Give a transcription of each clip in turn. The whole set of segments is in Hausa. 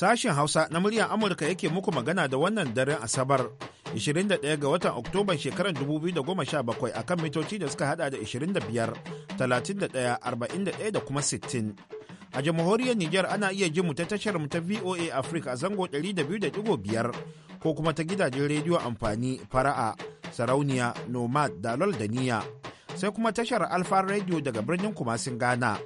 Sashen Hausa na muryar Amurka yake muku magana da wannan daren Asabar 21 ga watan Oktoban shekarar 2017 akan mitoci da suka hada da 25, 31, 41 da kuma 60. A jamhuriyar Nijar ana iya ji mu ta tashar mu ta VOA Africa a zango 200.5 ko kuma ta gidajen rediyo amfani fara'a, sarauniya, nomad, dalol da niya. Sai kuma tashar Alfa Radio daga birnin Kumasin Ghana.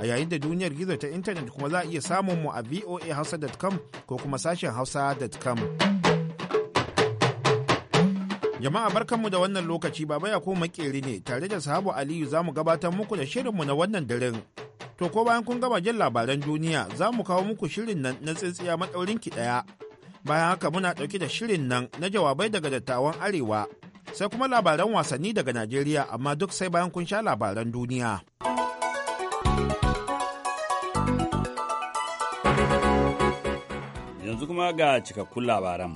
a yayin da duniyar gizo ta intanet kuma za a iya samun mu a voahausa.com ko kuma sashen hausa.com. Jama'a barkanmu da wannan lokaci baba ya ko makeri ne tare da sahabu Aliyu za mu gabatar muku da shirinmu na wannan daren. To ko bayan kun gama jin labaran duniya za mu kawo muku shirin nan na tsintsiya matsaurin ki ɗaya. Bayan haka muna ɗauke da shirin nan na jawabai daga dattawan Arewa. Sai kuma labaran wasanni daga Najeriya amma duk sai bayan kun sha labaran duniya. yanzu kuma ga cikakkun labaran.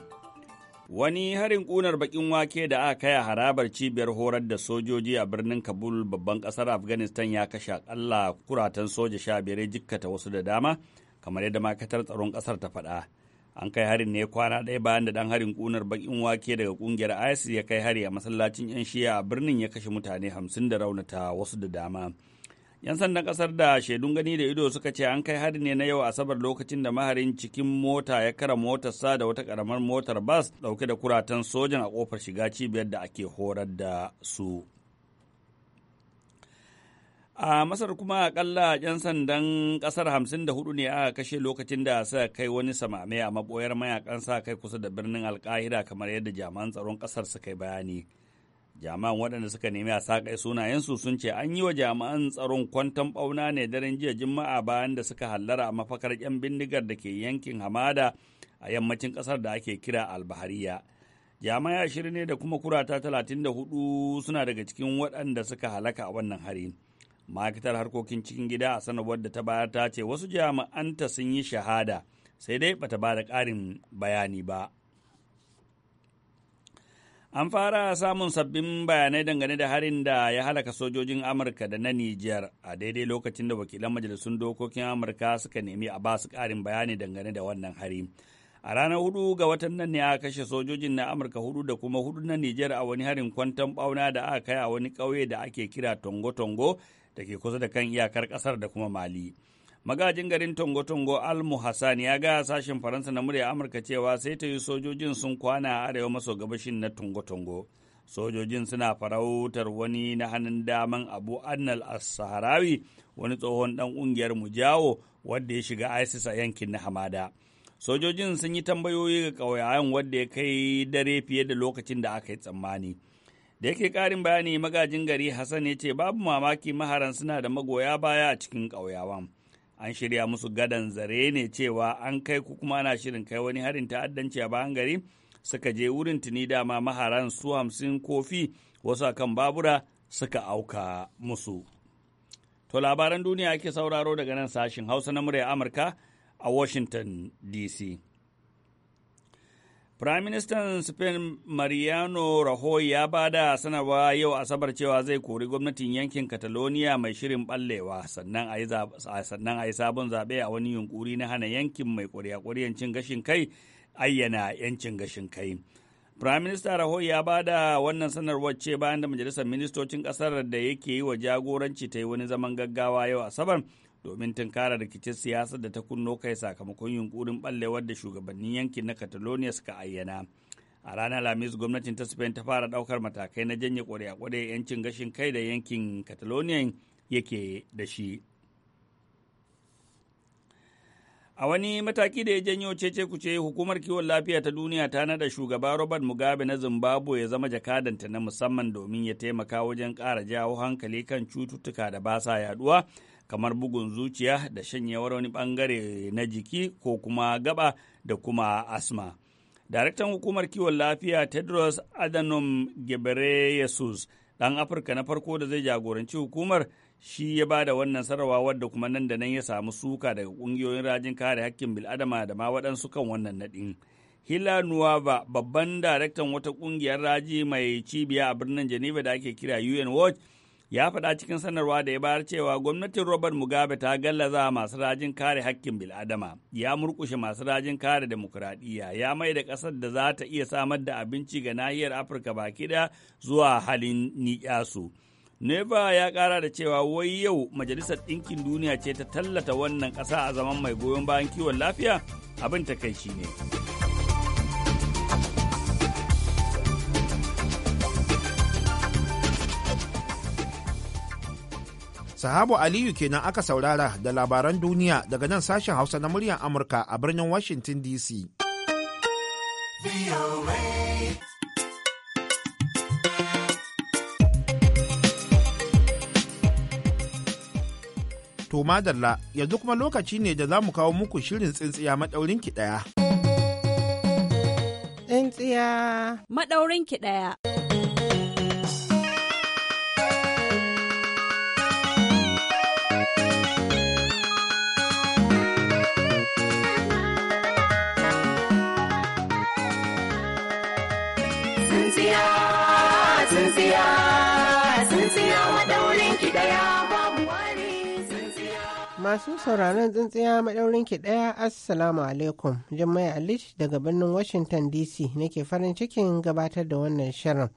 Wani harin ƙunar bakin wake da aka kai a harabar cibiyar horar da sojoji a birnin Kabul babban ƙasar Afghanistan ya kashe akalla kuratan soja sha biyar jikkata wasu da dama kamar yadda ma'aikatar tsaron ƙasar ta faɗa. An kai harin ne kwana ɗaya bayan da ɗan harin ƙunar bakin wake daga ƙungiyar ISIS ya kai hari a masallacin 'yan shiya a birnin ya kashe mutane hamsin da raunata wasu da dama. 'Yan sandan kasar da shaidun gani da ido suka ce an kai hari ne na yau Asabar lokacin da maharin cikin mota ya kara motarsa da wata karamar motar bas dauke da kuratan sojan a kofar shiga cibiyar da ake horar da su. A Masar kuma akalla 'yan sandan kasar hudu ne aka kashe lokacin da sa kai wani samame a maboyar mayakan sa kai kusa da birnin alkahira kamar yadda jami'an tsaron kasar suka yi bayani. jami'an waɗanda suka nemi a saƙai sunayensu sun ce an yi wa jami'an tsaron kwanton ɓauna ne daren jiya juma'a bayan da suka hallara a mafakar 'yan bindigar da ke yankin hamada a yammacin ƙasar da ake kira albahariya jama'a ashirin ne da kuma kurata talatin da hudu suna daga cikin waɗanda suka halaka a wannan hari ma'aikatar harkokin cikin gida a sanarwar da ta bayar ta ce wasu jami'anta sun yi shahada sai dai bata ba da ƙarin bayani ba An fara samun sabbin bayanai dangane da harin da ya halaka sojojin Amurka da na Nijar a daidai lokacin da wakilan majalisun dokokin Amurka suka nemi a basu karin bayani dangane da wannan hari. A ranar hudu ga watan nan ne aka kashe sojojin na Amurka hudu da kuma hudu na Nijar a wani harin kwanton ɓauna da aka kai a wani ƙauye da ake kira Tongo-Tongo da ke kusa da kan iyakar ƙasar da kuma Mali. magajin garin tongo-tongo almu hassan ya ga sashen faransa na murya amurka cewa sai ta yi sojojin sun kwana a arewa maso gabashin na tongo-tongo sojojin suna farautar wani na hannun daman abu annal as-saharawi wani tsohon dan kungiyar mujawo wadda ya shiga isis a yankin na hamada sojojin sun yi tambayoyi ga ƙauyayen wadda ya kai dare fiye da lokacin da aka yi tsammani da yake ƙarin bayani magajin gari hassan ya ce babu mamaki maharan suna da magoya baya a cikin ƙauyawan an shirya musu gadan zare ne cewa an kai ku kuma ana shirin kai wani harin ta'addanci a bayan gari suka je wurin tuni dama maharan su hamsin kofi wasu a kan babura suka auka musu. To labaran duniya ake sauraro daga nan sashin Hausa na murya Amurka a Washington DC. Firaministan Spain Mariano Rajoy ya ba da sanarwa yau Asabar cewa zai kori gwamnatin yankin Catalonia mai shirin ballewa sannan a yi sabon zaɓe a wani yunkuri na hana yankin mai ƙuri'a cin gashin kai ayyana 'yancin gashin kai. Firaminista Rajoy ya ba da wannan sanarwar ce bayan da Majalisar Ministocin Ƙasar da yake yi wa jagoranci ta yi wani zaman gaggawa yau Asabar domin tunkara rikicin siyasar da ta kunno kai sakamakon yunkurin ballewar da shugabannin yankin na catalonia suka ayyana a ranar lamis gwamnatin ta spain ta fara daukar matakai na janye kwarya-kwarya yancin gashin kai da yankin catalonia yake da shi A wani mataki da ya janyo cece kuce hukumar kiwon lafiya ta duniya ta nada shugaba Robert Mugabe na Zimbabwe ya zama jakadanta na musamman domin ya taimaka wajen kara jawo hankali kan cututtuka da ba sa yaduwa kamar bugun zuciya da shanyewar wani bangare na jiki ko kuma gaba da kuma asma. Daraktan hukumar kiwon lafiya Tedros Adhanom Ghebreyesus ɗan Afirka na farko da zai jagoranci hukumar shi ya ba da wannan sarrawa wadda kuma nan da nan ya samu suka daga ƙungiyoyin rajin kare hakkin bil'adama da ma waɗansu kan wannan naɗin. Hila Nuwaba babban daraktan wata ƙungiyar raji mai cibiya a birnin Geneva da ake kira UN Watch ya faɗa cikin sanarwa da ya bayar cewa gwamnatin Robert Mugabe ta gallaza masu rajin kare hakkin bil'adama, ya murkushe masu rajin kare demokuraɗiyya, ya mai da ƙasar da za ta iya samar da abinci ga nahiyar Afirka baki ɗaya zuwa halin niƙyasu. Neva ya ƙara da cewa wai yau Majalisar Ɗinkin Duniya ce ta tallata wannan ƙasa a zaman mai goyon bayan kiwon lafiya abin ta takaici ne. Sahabu Aliyu kenan aka saurara da labaran duniya daga nan sashen Hausa na muryar Amurka a birnin Washington DC. To madalla yanzu kuma lokaci ne da za mu kawo muku shirin tsintsiya maɗaurin ki ɗaya. Tsintsiya maɗaurin ki ɗaya. Masu sauraron tsintsiya maɗaurin ki ɗaya Assalamu alaikum. Jummai Alish daga birnin Washington DC nake farin cikin gabatar da wannan shirin.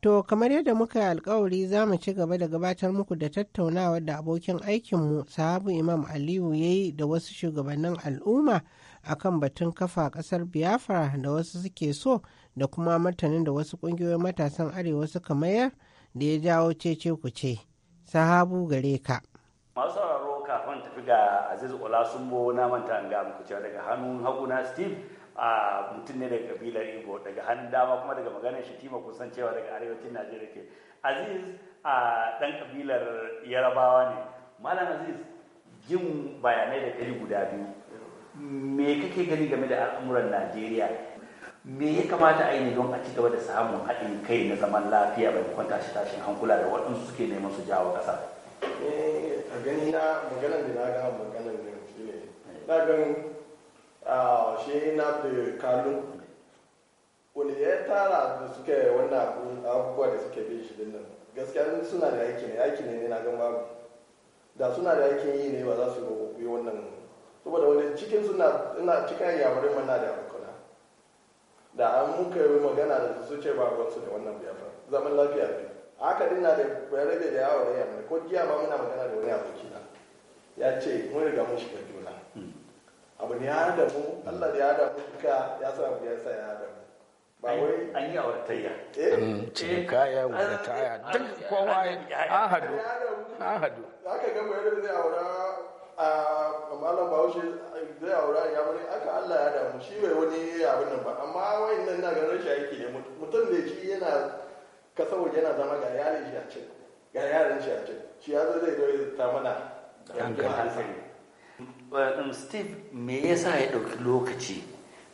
To kamar yadda muka yi alkawari za mu ci gaba da gabatar muku da tattaunawa da abokin aikinmu sahabu Imam Aliyu ya yi da wasu shugabannin al'umma a kan batun kafa ƙasar Biafra da wasu suke so da kuma martanin da wasu ƙungiyoyin matasan arewa suka mayar da ya jawo cece ku ce. Sahabu gare ka. Masu kafin tafi ga aziz olasunbo na manta an ga muku cewa daga hannun hagu na steve a mutum ne daga kabilar igbo daga hannun dama kuma daga maganar shatima kusan cewa daga arewacin najeriya ke aziz a dan kabilar yarabawa ne malam aziz jin bayanai da gari guda biyu me kake gani game da al'amuran najeriya me ya kamata a yi don a ci gaba da samun haɗin kai na zaman lafiya bai kwanta shi tashin hankula da waɗansu suke neman su jawo ƙasa eh, a gani na maganar da na gama maganar da shi ne na gan shi na da kalu wani ya tara da suke wannan abubuwa da suke bin shi din nan gaskiya suna da yaki ne yaki ne na gan babu da suna da yakin yi ne ba za su yi wannan saboda wani cikin suna ina cikin yawarin mana da abokana da an muka yi magana da su ce ba wasu da wannan biyafa zaman lafiya biyu haka dina na da rabe da yawo da yamma ko jiya ma muna magana da wani aboki na ya ce mun riga mun shiga juna hmm. abu ne ya da mu Allah da ya da mu duka ya sa mu ya sa ya da mu ba wai an yi auratayya eh hmm, ce kaya auratayya eh. duk kowa ya hadu Ya hadu haka ga gama yadda zai aura a malam bahaushe zai aura ya wani aka Allah ya damu shi bai wani abin nan ba amma wayannan na ganin shi yake ne mutum da shi yana ka saboda yana zama ga yaran shi a can ga yaran shi a can shi ya zai zai ta mana hankali um, steve me yasa ya ɗauki lokaci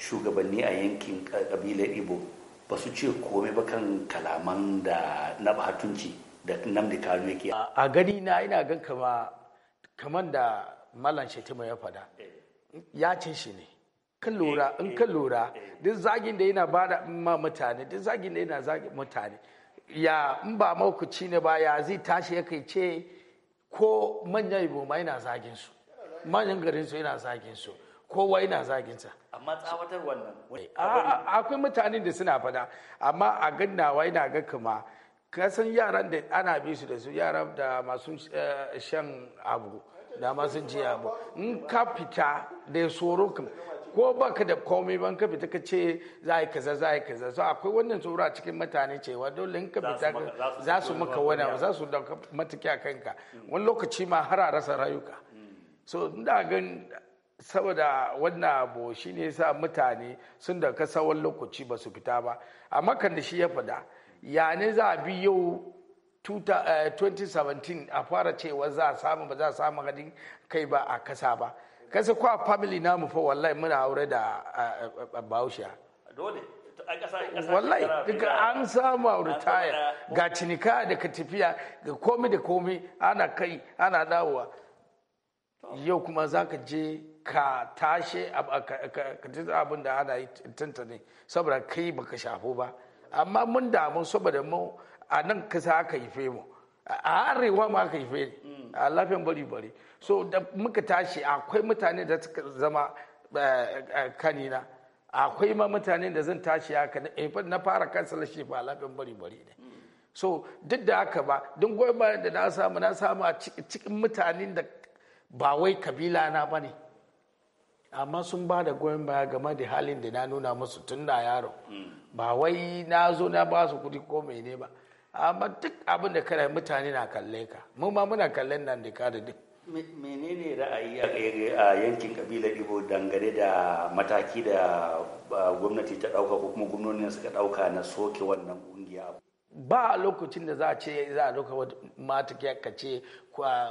shugabanni a yankin ƙabilar ibo ba su ce komai ba kan kalaman da na batunci da namdi kanu yake a gani na ina gan kama kaman da malam shetima ya fada ya ce shi ne kan lura in kan lura eh, eh, eh. duk zagin da yana bada ma mutane duk zagin da yana zagin mutane ya in ba maukaci ne ba ya zai tashi ya kai ce ko manyan iboma yana zagin su manyan garin su yana zagin su kowa yana zagin sa amma tsawatar wannan akwai mutanen da suna fada amma a gannawa yana ga kuma kasan yaran da ana bi su da su yaran da masu eh, shan abu da masu ji abu in ka fita da ya tsoro ko baka da komai ban ka fita ka ce za yi kaza za yi kaza so akwai wannan tsoro a cikin mutane cewa dole in ka fita za su maka wani za su dauka mataki a kanka mm. wani lokaci ma har a rasa rayuka mm. so ina gan saboda wannan abu shine sa mutane sun ka tsawon lokaci ba su fita ba amma kan da shi ya fada ya ne za a bi yau 2017 eh, a fara cewa za a samu ba za a samu hadin kai ba a kasa ba kasa kwa family namu fa wallahi muna aure da bahaushe dole wallahi duka an samu a ritaya ga cinika da ka tafiya ga komi da komi ana kai ana dawowa yau kuma za ka je ka tashe abin da ana yi tinta ne saboda kai baka shafo ba amma mun damu saboda mu a nan kasa aka yi mu a arewa ma aka yi ne mm. a lafiyan bari bari so da muka tashi akwai mutane da suka zama eh, eh, kanina akwai ma mutane da zan tashi haka na eh, fara kansala shi ba labin bari bari ne so duk da haka ba don goyon bayan da na samu na samu a cikin mutanen da ba wai kabila na ba ne amma sun ba da goyon baya game da halin da na nuna musu tun na yaro ba wai na zo na ba su kuɗi ko mene ba amma duk abin da kana mutane na kalle ka mu ma muna kallon nan da ka da duk menene ra'ayi a yankin kabila ibo dangane da mataki da gwamnati ta ɗauka ko kuma gwamnonin suka ɗauka na soke wannan kungiya ba a lokacin da za a ce za a dauka matakin ka ce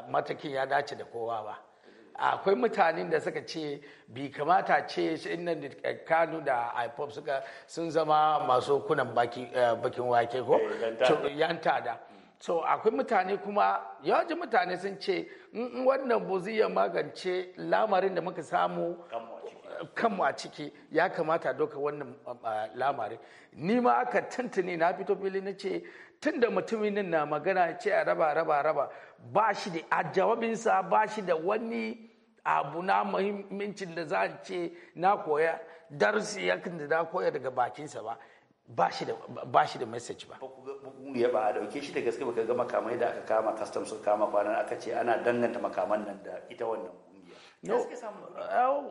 matakin ya dace da kowa ba akwai mutanen da suka ce bi kamata ce innan da kanu da ipop suka sun zama masu kunan bakin eh, wake ko eh, yan tada so akwai mutane kuma yawancin mutane sun ce wannan bu ya magance lamarin da muka samu kanmu a ciki ya kamata doka wannan lamarin ni ma aka tuntuni na fito fili na ce tun da mutumin na magana ce a raba raba raba ba shi da a jawabinsa ba shi da wani abu na muhimmancin da za a ce na koya darsi yakin da na koya daga bakinsa ba ba shi da ba message ba ya ba a dauke shi da gaske baka ga makamai da aka kama customs sun kama kwanan aka ce ana danganta makaman nan da ita wannan no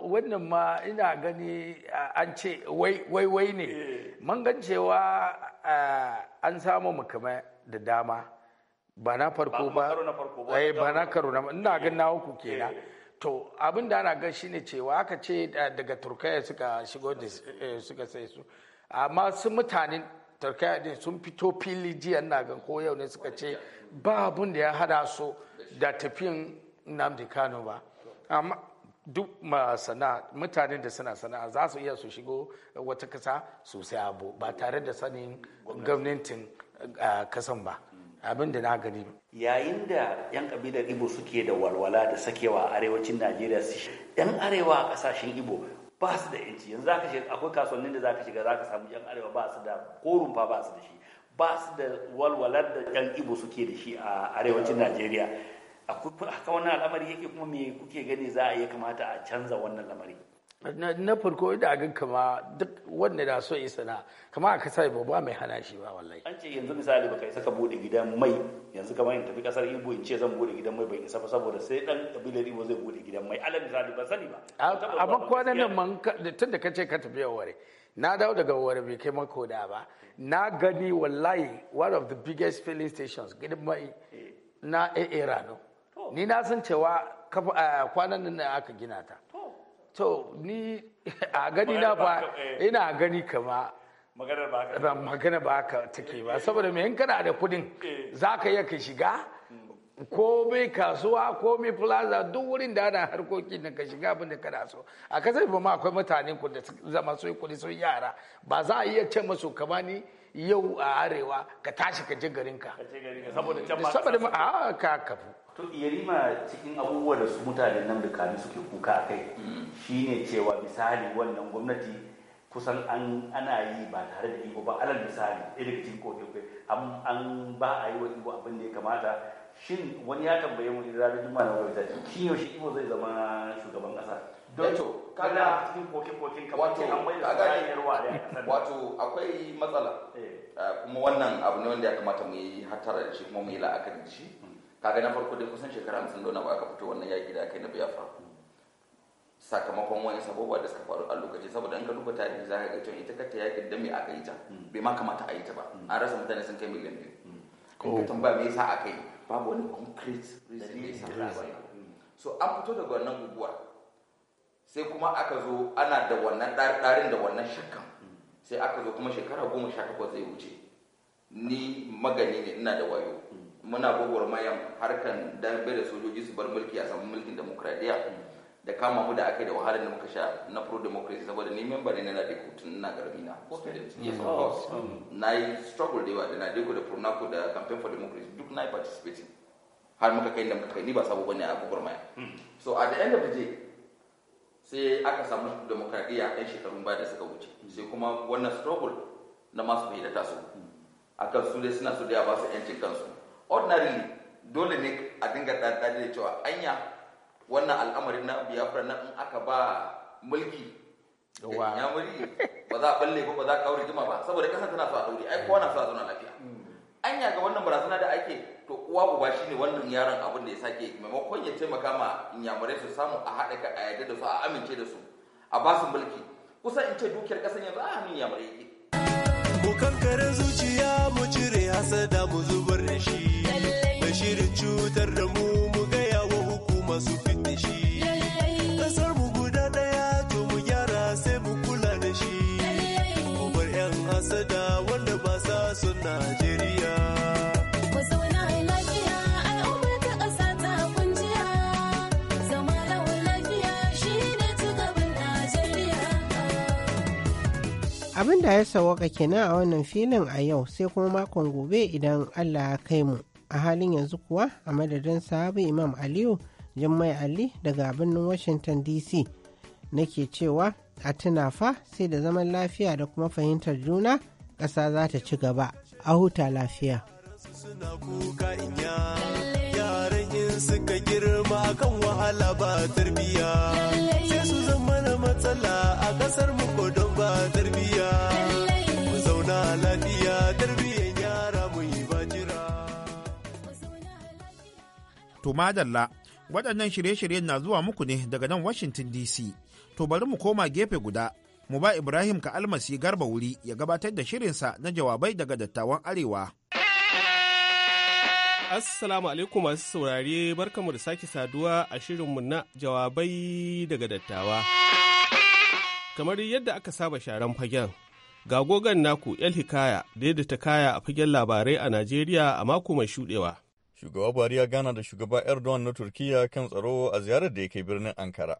wannan ma ina gani an ce wai wai ne eh. man gan cewa an samu makamai da dama ba na farko ba ba eh, na karo na ina gan na uku eh. kenan to abin da ana gan shine cewa aka ce daga turkaya suka shigo da suka sai su amma su mutane turkiyya sun fito fili jiya na gan ko yau ne suka ce ba abun da ya hada su da tafiyan namdi kano ba amma duk mutane da suna sana'a za su iya su shigo wata kasa sosai abu ba tare da sanin gwamnatin kasan ba abin da na gani yayin da 'yan kabilar ibo suke da walwala da sakewa a arewacin najeriya yan arewa a kasashen ibo ba su da yanci yanzu zaka shiga akwai kasuwannin da zaka shiga zaka samu yan arewa ba su da korun fa ba su da shi ba su da walwalar da yan ibo suke da shi a arewacin Najeriya akwai haka wannan al'amari yake kuma me kuke gani za a yi kamata a canza wannan lamari na farko da ga kama duk wanda da so yi sana kama aka yi ba mai hana shi ba wallahi an ce yanzu misali baka isa ka bude gidan mai yanzu kamar in tafi kasar Igbo in ce zan bude gidan mai bai isa ba saboda sai dan kabilar Igbo zai bude gidan mai alal misali ba sani ba a kwanan nan man da ka ce ka tafi ware na dawo daga ware bai kai mako da ba na gani wallahi one of the biggest filling stations gidan mai eh. na era no ni na san cewa kwanan nan aka gina ta to ni a gani na ba eh. ina gani kama magana ba ka take ba saboda mai kana da kudin eh. za ka yi ka shiga ko mai kasuwa ko mai plaza duk wurin da ana harkoki na ka shiga abin da so a kasar ba ma akwai mutane ku da zama sun kudi sun yara ba za a iya ce masu kama ni yau a arewa ka tashi ka je garinka saboda can ba a ka kafu to yarima cikin abubuwa da su mutanen nan da suke kuka a kai shine cewa misali wannan gwamnati kusan an ana yi ba tare da iko ba alal misali ɗaya daga cikin an ba a yi wa iko abin da ya kamata shin wani ya tambaye mu idan ranar juma'a na wani shi yaushe iko zai zama shugaban ƙasa don to kaga cikin koke koken kamar ce an mai da rayuwar da wato akwai matsala eh. Eh, kuma wannan abu ne wanda ya kamata mu yi hatara da shi kuma mu yi la'akari da shi hmm. kaga na farko dai kusan shekara hamsin da ba aka fito wannan yaƙi da kai yi na biafra hmm. sakamakon wani sabobuwa da suka faru a lokaci saboda in ka duba tarihi za ka ga cewa ita kanta yaƙin da me aka yi ta hmm. bai ma kamata a yi ta ba an rasa mutane sun kai miliyan biyu in ka oh. tambaya me yasa aka yi babu wani concrete reason da yasa so an fito daga wannan guguwa sai kuma aka zo ana da wannan ɗarin da wannan shakkan sai aka zo kuma shekara goma sha takwas zai wuce ni magani ne ina da wayo muna gogor mayan harkan dambe da sojoji su bar mulki a saman mulkin demokradiyya da kama mu da aka yi da wahalar da muka sha na pro democracy saboda ni memba ne na Nadeko tun ina garbi na mm. oh, na yi struggle da yawa da deku da Pronaco da campaign for democracy duk na yi participating har muka kai da muka kai ni ba sabo bane a gogor mayan mm. so at the end of the day sai aka samu demokradiyya yan shekarun baya da suka wuce sai kuma wannan struggle na masu fahimta a kan su dai suna so da ya ba su yancin kansu ordinarily dole ne a dinga ɗaɗɗaɗe da cewa anya wannan al'amarin na biafra na in aka ba mulki ya muri ba za a balle ba ba za a kawo rigima ba saboda ƙasa tana so a ɗaure ai kowa na so a zauna lafiya mm. anya ga wannan barazana da ake to uwa uba ne wannan yaron abin da ya sake maimakon ya taimaka ma inyamurai su samu a haɗa ka a yarda da su a amince da su a ba su mulki kusan in ce dukiyar ƙasar yanzu a hannun inyamurai yake. mu kankare zuciya mu cire hasada mu zubar da shi bashirin shirin cutar da mu Allah ya sawaka kenan a wannan filin a yau sai kuma makon gobe idan allah ya kai mu a halin yanzu kuwa a madadin sahabu imam aliyu jummai ali daga birnin washington dc nake cewa a tuna fa sai da zaman lafiya da kuma fahimtar juna ƙasa za ta ci gaba a huta lafiya suna kuka inya yaran in suka girma kan wahala ba tarbiya sai su zama na matsala a kasar mu ko don ba tarbiya mu zauna lafiya tarbiyyar yara mu yi ba jira to madalla waɗannan shirye-shiryen na zuwa muku ne daga nan Washington DC to bari mu koma gefe guda mu ba Ibrahim ka almasi garba wuri ya gabatar da shirinsa na jawabai daga dattawan Arewa. Assalamu alaikum masu saurare barkamu da sake saduwa a shirinmu na jawabai daga dattawa. Kamar yadda aka saba sharan fagen, ga gogon naku El Hikaya daidaita kaya a fagen labarai a Najeriya a mako mai shuɗewa. Shugaba Buhari ya gana da shugaba Erdogan na Turkiyya kan tsaro a ziyarar da ya birnin Ankara.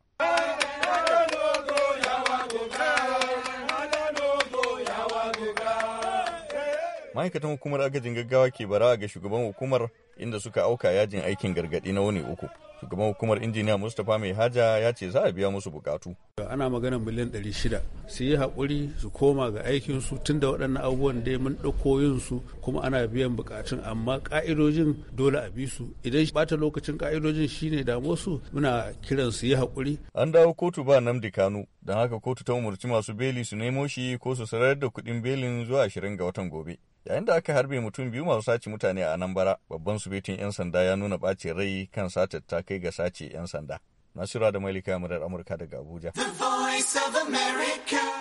ma'aikatan hukumar agajin gaggawa ke barawa ga shugaban hukumar inda suka auka yajin aikin gargadi na wani uku shugaban hukumar injiniya mustapha mai haja ya ce za a biya musu bukatu ana magana miliyan 600 su yi haƙuri su koma ga aikinsu tun da waɗannan abubuwan dai mun ɗauko yin su kuma ana biyan bukatun amma ƙa'idojin dole a bi su idan bata lokacin ƙa'idojin shine damo su muna kiran su yi haƙuri an dawo kotu ba namdi kanu don haka kotu ta umarci masu beli su nemo shi ko su sarar da kuɗin belin zuwa ashirin ga watan gobe yayin da aka harbe mutum biyu masu sace mutane a anambra babban su subetin 'yan sanda ya nuna bacin rai kan satar ta kai ga sace 'yan sanda nasira da malika murar amurka daga abuja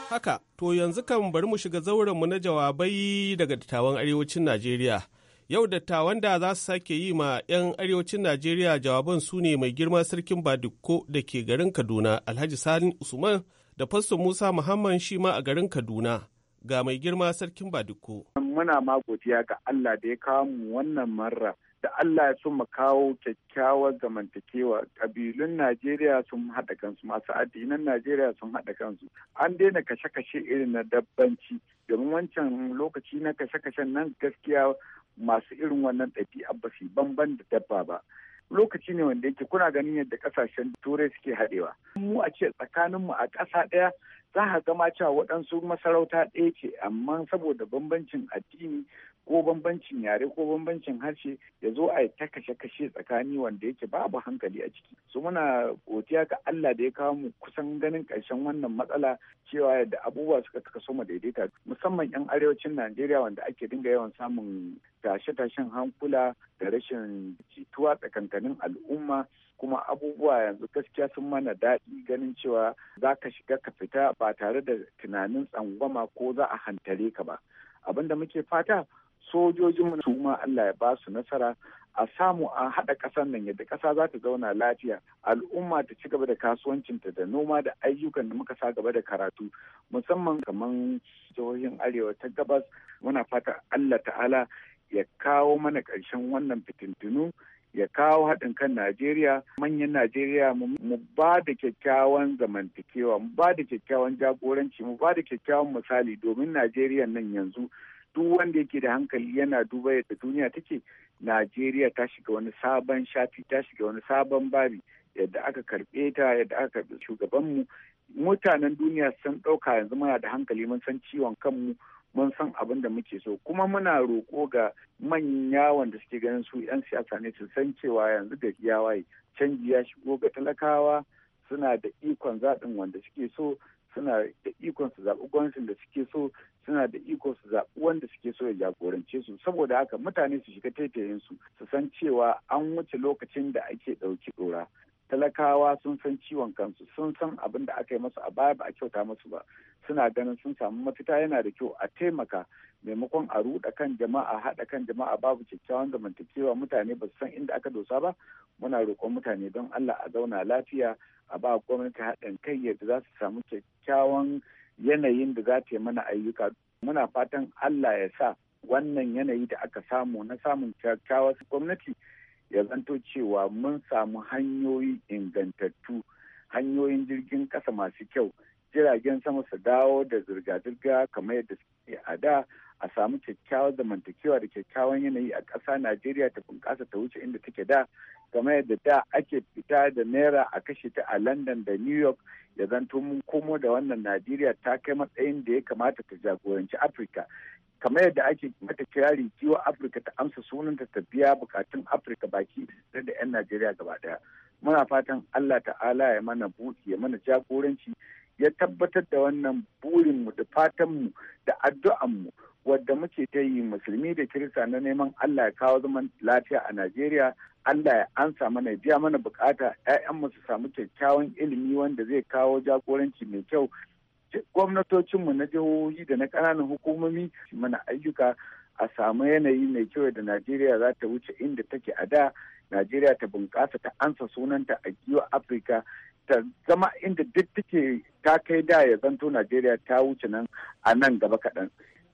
haka to yanzu kan bari mu shiga zauren mu na jawabai daga dattawan arewacin najeriya yau dattawan da za su sake yi ma 'yan arewacin najeriya jawaban su ne mai girma sarkin badiko da ke garin kaduna alhaji salim usman da fasto musa muhammad shi ma a garin kaduna ga mai girma sarkin Badiko. Muna ma godiya ga Allah da ya kawo mu wannan marra da Allah ya so mu kawo kyakkyawar zamantakewa kabilun Najeriya sun haɗa kansu masu addinan Najeriya sun haɗa kansu an daina kashe-kashe irin na dabbanci domin wancan lokaci na kashe-kashen nan gaskiya masu irin wannan ɗabi'a ba su banban da dabba ba lokaci ne wanda yake kuna ganin yadda kasashen turai suke haɗewa mu a ce tsakaninmu a ƙasa ɗaya za ka gama cewa waɗansu masarauta ɗaya ce amma saboda bambancin addini ko bambancin yare ko bambancin harshe ya zo a yi ta kashe-kashe tsakani wanda yake babu hankali a ciki su muna godiya ga Allah da ya kawo mu kusan ganin ƙarshen wannan matsala cewa yadda abubuwa suka kaso soma daidaita musamman 'yan arewacin Najeriya wanda ake dinga yawan samun tashe-tashen hankula da rashin jituwa tsakankanin al'umma kuma abubuwa yanzu gaskiya sun mana daɗi ganin cewa za ka shiga ka fita ba tare da tunanin tsangwama ko za a hantare ka ba abin da muke fata sojojin su ma Allah ya ba su nasara a samu a haɗa ƙasar nan yadda ƙasa za ta zauna lafiya al'umma ta ci gaba da kasuwancinta da noma da ayyukan da muka sa gaba da karatu musamman kamar jihohin arewa ta gabas muna fata Allah ta'ala ya kawo mana ƙarshen wannan fitintunu ya kawo haɗin kan Najeriya manyan Najeriya mu ba da kyakkyawan zamantakewa mu ba da kyakkyawan jagoranci mu ba da kyakkyawan misali domin Najeriya nan yanzu duk wanda yake da hankali yana duba yadda duniya take Najeriya ta shiga wani sabon shafi ta shiga wani sabon babi yadda aka karɓe ta yadda aka karɓi shugabanmu mutanen duniya sun ɗauka yanzu muna da hankali mun san ciwon kanmu mun san abin da muke so kuma muna roƙo ga manya wanda suke ganin su 'yan siyasa ne su san cewa yanzu da waye canji ya shigo ga talakawa suna da ikon zaɓin wanda suke so suna da ikon su zaɓi gwamnatin da suke so suna da ikon su zaɓi wanda suke so ya jagorance su saboda haka mutane su shiga taitayin su su san cewa an wuce lokacin da ake ɗauki ɗora talakawa sun san ciwon kansu sun san abin da aka yi masu a baya ba a kyauta masu ba suna ganin sun samu mafita yana da kyau a taimaka maimakon a ruɗa kan jama'a haɗa kan jama'a babu kyakkyawan zamantakewa mutane ba su san inda aka dosa ba muna roƙon mutane don Allah a zauna lafiya a ba gwamnati haɗin kai yadda za su samu kyakkyawan yanayin da za ta yi mana ayyuka muna fatan Allah ya sa wannan yanayi da aka samu na samun kyakkyawar gwamnati ya zanto cewa mun samu hanyoyi ingantattu hanyoyin jirgin kasa masu kyau jiragen sama su dawo da zirga-zirga kamar yadda suke a da a samu kyakkyawar zamantakewa da kyakkyawan yanayi a ƙasa najeriya ta bunƙasa ta wuce inda take da kamar yadda da ake fita da naira a kashe ta a london da new york ya zanto mun komo da wannan najeriya ta kai matsayin da ya kamata ta jagoranci afirka kamar yadda ake mata kirari kiwo afirka ta amsa sunanta ta biya bukatun afirka baki da da 'yan najeriya gaba daya muna fatan allah ta'ala ya mana buki ya mana jagoranci ya tabbatar da wannan burinmu da fatanmu da addu'anmu wadda muke ta yi musulmi da kirista na neman Allah ya kawo zaman lafiya a Najeriya Allah ya ansa mana biya mana bukata mu su samu kyakkyawan ilimi wanda zai kawo jagoranci mai kyau gwamnatocinmu na jihohi da na kananan hukumomi mana ayyuka a samu yanayi mai kyau da Najeriya za ta wuce inda take a da Najeriya ta bunƙasa ta ansa sunanta a giwa Afirka ta zama inda duk take ta kai da ya zanto Najeriya ta wuce nan a nan gaba kaɗan.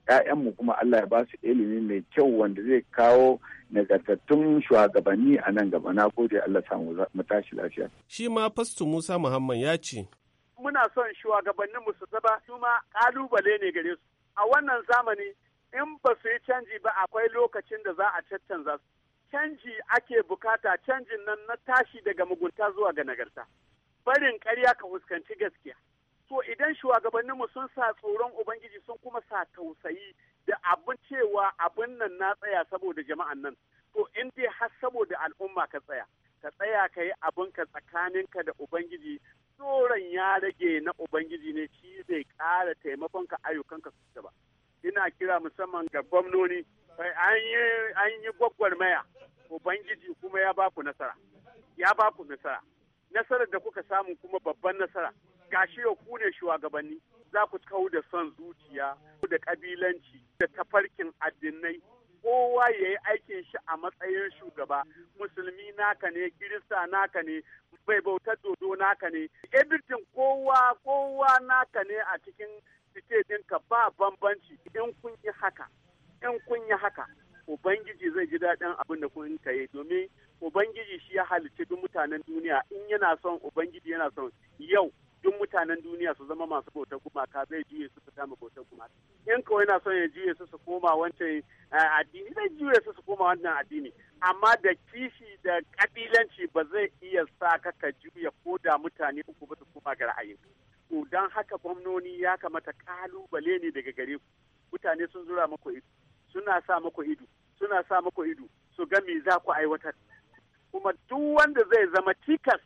'ya'yanmu kuma Allah ya ba su ilimi mai kyau wanda zai kawo nagartattun shugabanni a nan gaba na gode Allah samu matashi lafiya. Shi ma Fasto Musa Muhammad ya ce. Muna son shugabannin mu su zaba su ma kalubale ne gare su. A wannan zamani in ba su yi canji ba akwai lokacin da za a caccanza su. Canji ake bukata canjin nan na tashi daga mugunta zuwa ga nagarta. Barin karya ka fuskanci gaskiya. So idan shugabanninmu sun sa tsoron Ubangiji sun kuma sa tausayi da abin cewa abin nan na tsaya saboda jama'an nan. To in dai har saboda al'umma ka tsaya, ka tsaya ka yi tsakanin tsakaninka da Ubangiji tsoron ya rage na Ubangiji ne shi zai ƙara ka ayyukanka su ba. Ina kira musamman ga gwamnoni, an yi gwagwarmaya, Ubangiji kuma ya ba ku nasara. Ya ba ku nasara. Nasarar da kuka samu kuma babban nasara. gashi yau ku ne shugabanni za ku kawo da son zuciya da kabilanci da tafarkin addinai kowa ya yi aikin shi a matsayin shugaba musulmi naka ne kirista naka ne bai bautar dodo naka ne everything kowa kowa naka ne a cikin state ɗinka ba bambanci in kun yi haka in kun yi haka ubangiji zai ji daɗin abin da kun yi domin ubangiji shi ya halicci duk mutanen duniya in yana son ubangiji yana son yau duk mutanen duniya su zama masu bautar gumaka zai juye su fita ma bautar gumaka in kawai yana son ya juye su su koma wancan eh, addini zai juye su su koma wannan addini amma da kishi da kabilanci ba zai iya sa ka ka juya ko da mutane uku ba su koma ga ra'ayin to dan haka gwamnoni ya kamata kalubale ne daga gare ku mutane sun zura maku ido suna sa maku ido suna sa maku ido su ga me za ku aiwatar kuma duk wanda zai zama cikas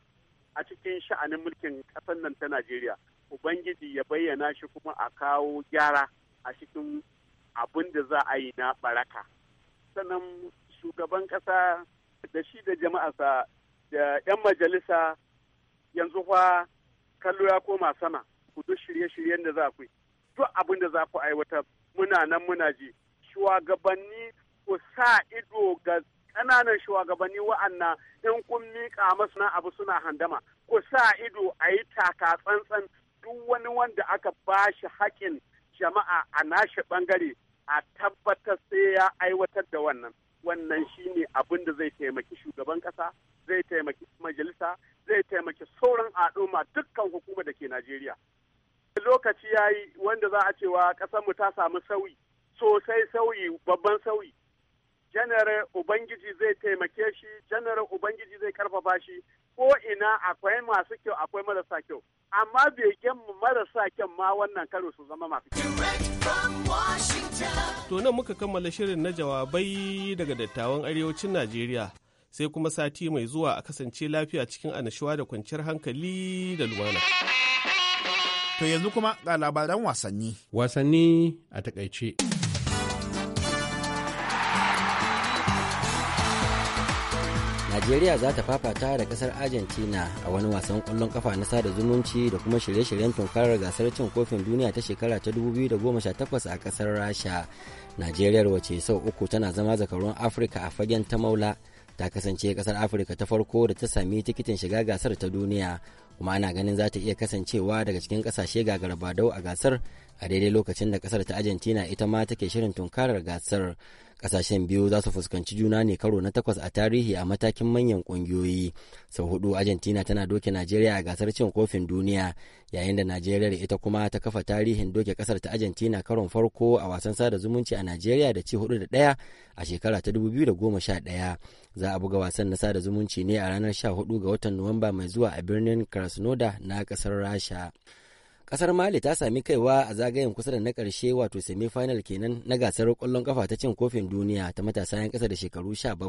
a cikin sha'anin mulkin ƙasar nan ta Najeriya. Ubangiji ya bayyana shi kuma a kawo gyara a cikin abin da za a yi na baraka. Sannan shugaban ƙasa da shi da jama'arsa da 'yan majalisa yanzu fa kallo ya koma sama ku duk shirye-shiryen da za ku yi. Duk abin da za ku aiwatar muna nan muna ji. Shugabanni ku sa ido ga ƙananan shugabanni wa'anna in kun miƙa masu na abu suna handama ku sa ido a yi taka tsantsan duk wani wanda aka ba shi haƙin jama'a a nashi ɓangare a tabbatar sai ya aiwatar da wannan wannan shine abin da zai taimaki shugaban ƙasa zai taimaki majalisa zai taimaki sauran al'umma dukkan hukumar da ke najeriya lokaci ya yi wanda za a cewa ƙasarmu ta samu sauyi sosai sauyi babban sauyi janar ubangiji zai taimake shi janar ubangiji zai karfafa shi ko ina akwai masu kyau akwai marasa kyau amma begen marasa kyau ma wannan karo su zama masu kyau to nan muka kammala shirin na jawabai daga dattawan arewacin najeriya sai kuma sati mai zuwa a kasance lafiya cikin annashuwa da kwanciyar hankali da lumana to yanzu kuma ga labaran wasanni wasanni a takaice najeriya za ta fafata da kasar argentina a wani wasan kwallon kafa na sada zumunci da kuma shirye-shiryen tunkarar gasar cin kofin duniya ta shekara ta 2018 a kasar rasha najeriya wace sau uku tana zama zakarun afirka a fagen ta maula ta kasance kasar afirka ta farko da ta sami tikitin shiga gasar ta duniya kuma ana ganin za ta iya kasancewa daga cikin kasashe gagarbadau a gasar a daidai lokacin da kasar ta argentina ita ma take shirin tunkarar gasar Ƙasashen biyu za su fuskanci juna ne karo na takwas a tarihi a matakin manyan ƙungiyoyi. Sau hudu Argentina tana doke Najeriya a gasar cin kofin duniya yayin da Najeriya ita kuma ta kafa tarihin doke kasar ta Argentina karon farko a wasan sada zumunci a Najeriya da ci hudu da ɗaya a shekara ta 2011. Za a buga wasan na sada zumunci ne a ranar sha hudu ga watan Nuwamba mai zuwa a birnin Krasnodar na ƙasar Rasha. kasar mali ta sami kaiwa a zagayen kusa da na karshe wato semi final kenan na gasar kwallon kafa ta cin kofin duniya ta matasa 'yan kasa da shekaru 17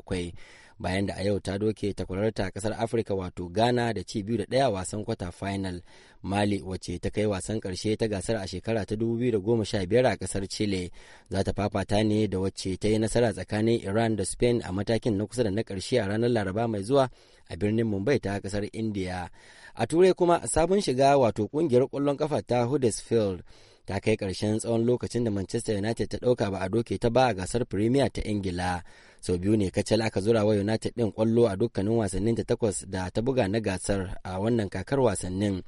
bayan da a yau ta doke takwararta kasar afirka wato ghana da ci biyu da ɗaya wasan kwata final mali wacce ta kai wasan karshe ta gasar a shekara ta 2015 a kasar chile za ta fafata ne da wacce ta yi nasara tsakanin iran da spain a matakin na kusa da na karshe a ranar laraba mai zuwa a birnin mumbai ta kasar india a turai kuma sabon shiga wato kungiyar kwallon kafa ta huddersfield ta kai karshen tsawon lokacin da Manchester United ta dauka ba a doke ta ba a gasar Premier ta Ingila. sau biyu ne kacal aka zura wa united din kwallo a dukkanin wasannin ta takwas da ta buga na gasar a wannan kakar wasannin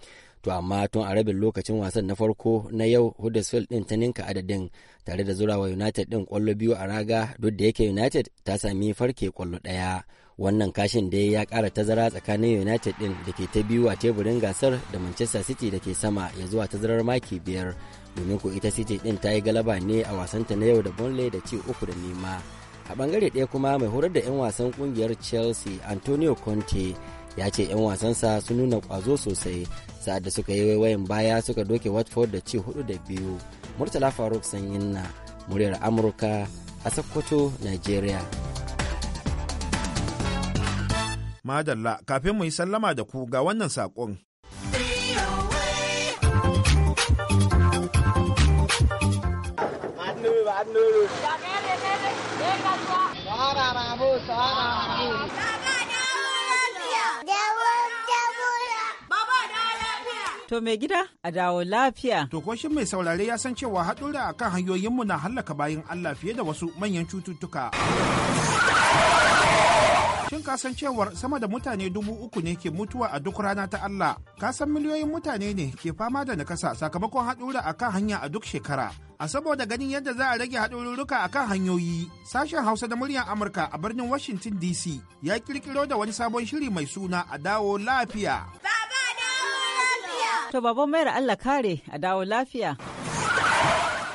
to amma tun a rabin lokacin wasan na farko na yau huddersfield din ta ninka adadin tare da zura wa united din kwallo biyu a raga duk da yake united ta sami farke kwallo daya wannan kashin dai ya kara tazara tsakanin united din da ke ta biyu a teburin gasar da manchester city da ke sama ya zuwa tazarar maki biyar domin ko ita city din ta yi galaba ne a wasanta na yau da burnley da ci uku da nema a bangare ɗaya kuma mai horar da 'yan wasan kungiyar chelsea antonio conte ya ce 'yan wasansa sun nuna ƙwazo sosai sa'ad da suka yi waiwayin baya suka doke watford da ci hudu da biyu murtala faruk sanyin na muryar amurka a sokoto nigeria madalla kafin mu yi sallama da ku ga wannan saƙon To mai gida a dawo lafiya. To mai saurare ya san cewa haɗura kan hanyoyinmu na hallaka bayan Allah fiye da wasu manyan cututtuka. Shin ka san cewar sama da mutane dubu uku ne ke mutuwa a duk rana ta Allah? Ka san miliyoyin mutane ne ke fama da nakasa sakamakon haɗura a kan hanya a duk shekara. A saboda ganin yadda za a rage haɗururruka a kan hanyoyi, sashen Hausa da muryar Amurka a birnin Washington DC ya kirkiro da wani sabon shiri mai suna a dawo lafiya. Baba dawo lafiya! To baban mayar Allah kare a dawo lafiya.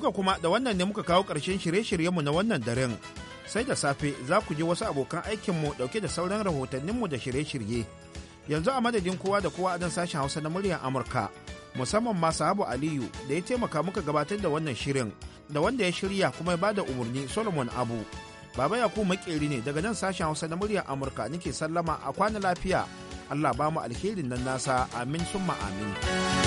Duka kuma da wannan ne muka kawo ƙarshen shirye-shiryenmu na wannan daren. Sai da safe za ku ji wasu abokan aikinmu ɗauke da sauran rahotanninmu da shirye-shirye. Yanzu a madadin kowa da kowa a dan sashen Hausa na muryar Amurka. Musamman ma Sahabu Aliyu da ya taimaka muka gabatar da wannan shirin da wanda ya shirya kuma ya ba da umarni Solomon Abu. Baba Yakubu makeri ne daga nan sashen Hausa na muryar Amurka nake sallama a kwana lafiya. Allah ba mu alherin nan nasa amin summa amin.